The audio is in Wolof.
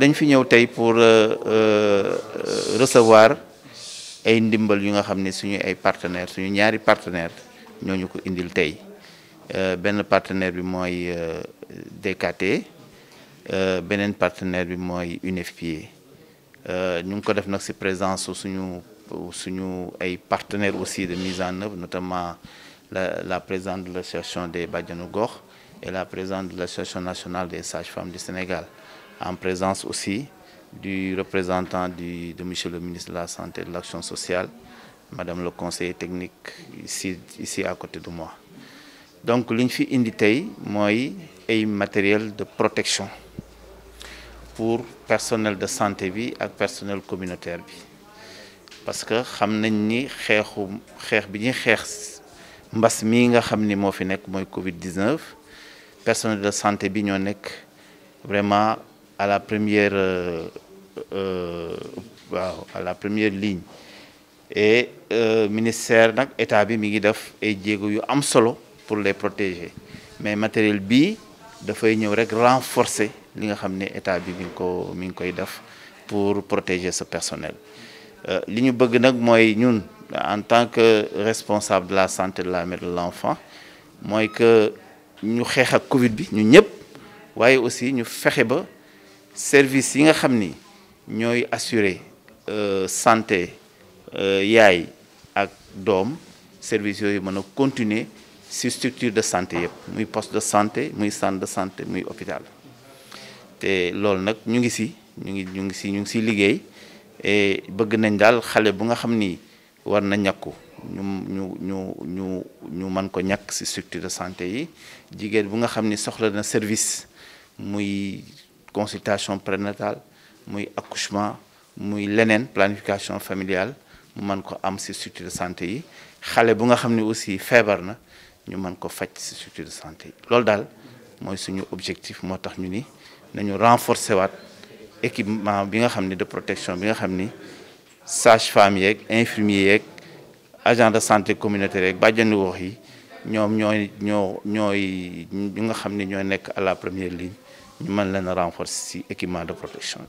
dañ fi ñëw tey pour euh, euh, recevoir ay ndimbal yu nga xam ni suñu ay partenaires suñu ñaari partenaires ñoo ñu ko indil tey euh, benn partenaire bi mooy DKT beneen partenaire bi mooy UNFPA ñu ngi ko def nag ci présence suñu suñu ay partenaires aussi de mise en œuvre notamment la, présidente de l'association des Gor et la présidente de l'association nationale des sages-femmes du Sénégal, en présence aussi du représentant du, de Monsieur le ministre de la Santé et de l'Action sociale, Madame le conseiller technique ici, ici à côté de moi. Donc l'une fille fi indi un matériel de protection pour personnel de santé vie et personnel communautaire parce que xam ni xeexu mbass mi nga xamni mo fi nek moy Covid 19 personnel de santé bi ñoo nek vraiment à la première euh, euh, waaw à la première ligne et euh, ministère nak état bi mi ngi def ay jéego yu am solo pour les protéger mais matériel da fay ñew rek renforcer li nga xam état bi mi ko mi ngi koy def pour protéger ce personnel li ñu bëgg nak moy ñun en tant que responsable de la santé de la mère de l'enfant mooy que ñu xeex ak Covid bi ñu ñëpp aussi ñu faisons ba service yi nga xam ni ñooy euh, santé euh, yaay ak doom service yooyu mën a continuer ci structure de santé yëpp muy poste de santé muy centre de santé muy hôpital te loolu nag ñu ngi ci ñu ngi ñu ngi ci ñu ngi liggéey et bëgg nañ d'al, xale bu nga war na ñàkku ñu ñu ñu ñu ñu mën ko ñak ci structure de santé yi jigéen bu nga xamni soxla na service muy consultation prénatale muy accouchement muy leneen planification familiale mu man ko am ci structure de santé yi xalé bu nga xamni aussi fièvre na ñu man ko fajj ci structure de santé lool dal moy suñu objectif motax ñu ni nañu renforcer waat équipement bi nga xamni de protection bi nga xamni sage femme infirmier agent de santé communautaire nous gens qui à la première ligne nous renforcer l'équipement de protection